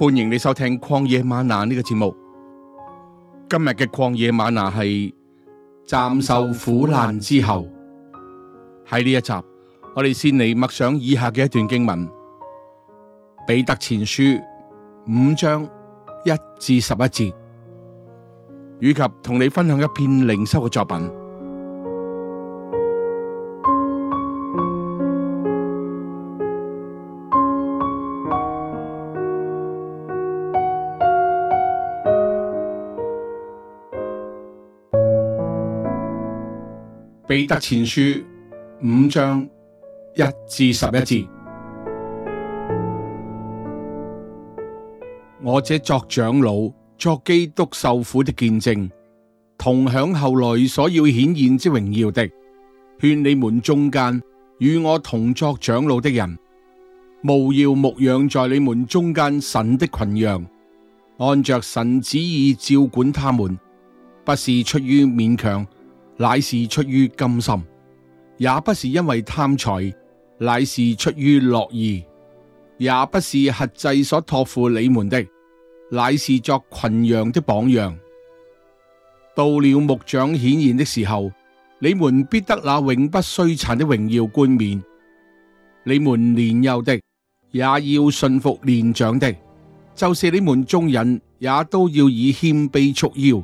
歡迎你收聽曠野嗎哪呢個節目。今日嘅曠野嗎哪係暫受苦難之後，喺呢一集，我哋先嚟默想以下嘅一段經文：彼得前書五章一至十一節，以及同你分享一篇靈修嘅作品。彼得前書五章一至十一節：「我這作長老、作基督受苦的見證，同享後來所要顯現之榮耀的，勸你們中間與我同作長老的人，務要牧養在你們中間神的群羊，按着神旨意照管他們，不是出於勉強。乃是出於甘心，也不是因為貪財；乃是出於樂意，也不是轄制所託付你們的，乃是作群羊的榜樣。到了牧長顯現的時候，你們必得那永不衰殘的榮耀冠冕。你們年幼的也要順服年長的；就是你們眾人也都要以謙卑束腰，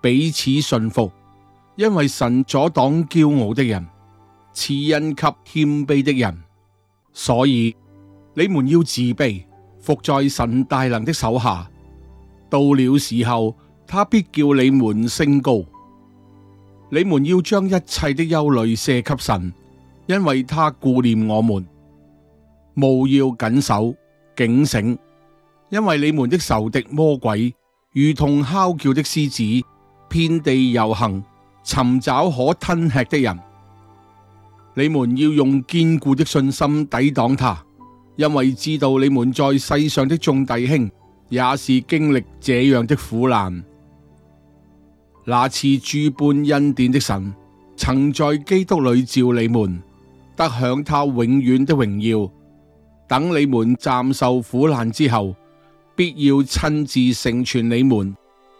彼此順服。因為神阻擋驕傲的人，賜恩給謙卑的人，所以你們要自卑，服在神大能的手下。到了時候，他必叫你們升高。你們要將一切的憂慮卸給神，因為他顧念我們。務要謹守警醒，因為你們的仇敵魔鬼如同吼叫的獅子，遍地遊行。尋找可吞吃的人，你們要用堅固的信心抵擋他，因為知道你們在世上的眾弟兄也是經歷這樣的苦難。那賜諸般恩典的神曾在基督裏召你們，得享他永遠的榮耀，等你們暫受苦難之後，必要親自成全你們，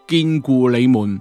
堅固你們。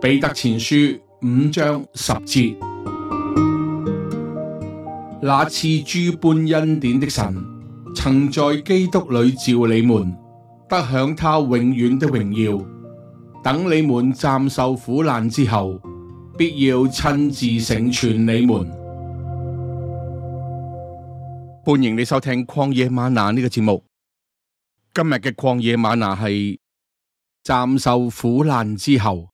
彼得前書五章十節：那賜諸般恩典的神，曾在基督裏召你們，得享他永遠的榮耀。等你們暫受苦難之後，必要親自成全你們。歡迎你收聽曠野嗎哪呢、這個節目。今日嘅曠野嗎哪係暫受苦難之後。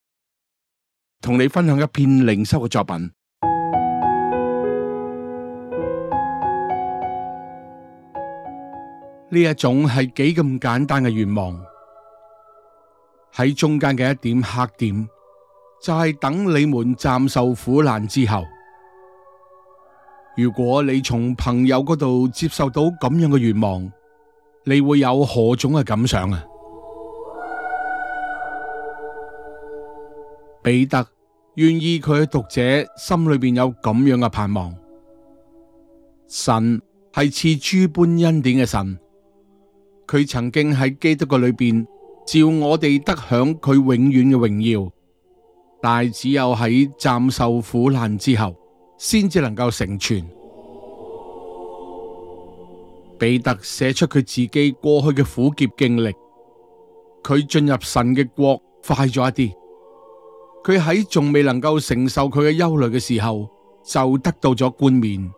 同你分享一篇靈修嘅作品。呢一種係幾咁簡單嘅願望，喺中間嘅一點黑點，就係等你們暫受苦難之後。如果你從朋友嗰度接受到咁樣嘅願望，你會有何種嘅感想啊？彼得。願意佢嘅讀者心裏邊有咁樣嘅盼望，神係賜諸般恩典嘅神，佢曾經喺基督個裏邊，照我哋得享佢永遠嘅榮耀，但只有喺暫受苦難之後，先至能夠成全。彼得寫出佢自己過去嘅苦劫經歷，佢進入神嘅國快咗一啲。佢喺仲未能夠承受佢嘅憂慮嘅時候，就得到咗冠冕。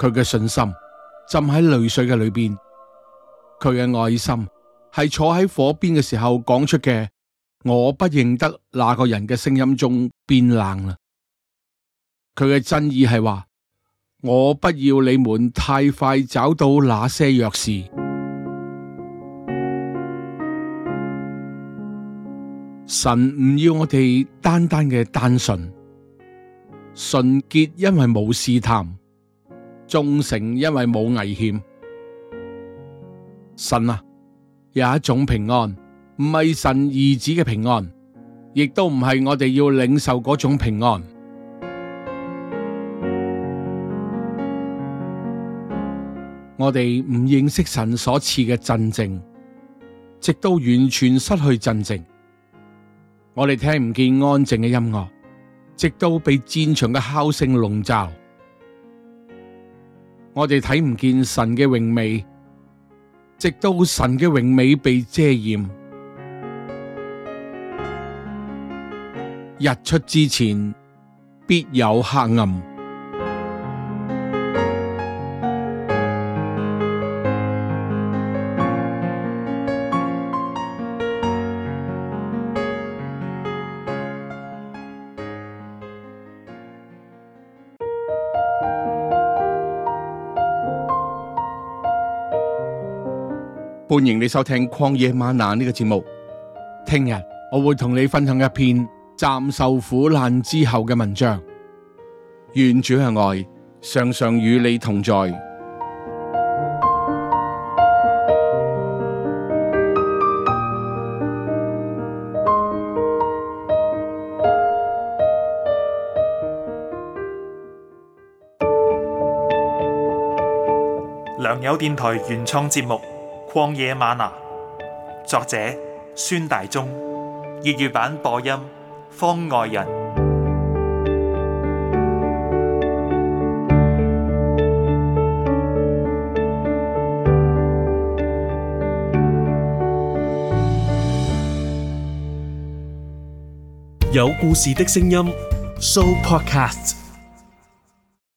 佢嘅信心浸喺淚水嘅裏邊，佢嘅愛心係坐喺火邊嘅時候講出嘅，我不認得那個人嘅聲音中變冷啦。佢嘅真意係話：我不要你們太快找到那些鑰匙。神唔要我哋單單嘅單純、純潔，因為冇試探；忠誠，因為冇危險。神啊，有一種平安，唔係神兒子嘅平安，亦都唔係我哋要領受嗰種平安。 我哋唔認識神所賜嘅鎮靜，直到完全失去鎮靜。我哋聽唔見安靜嘅音樂，直到被戰場嘅敲聲籠罩；我哋睇唔見神嘅榮美，直到神嘅榮美被遮掩。日出之前，必有黑暗。歡迎你收聽曠野嗎哪呢個節目。聽日我會同你分享一篇暫受苦難之後嘅文章。願主嘅愛常常與你同在。良友電台原創節目。曠野嗎哪，作者孫大中，粵語版播音方外人，有故事的聲音 show podcast。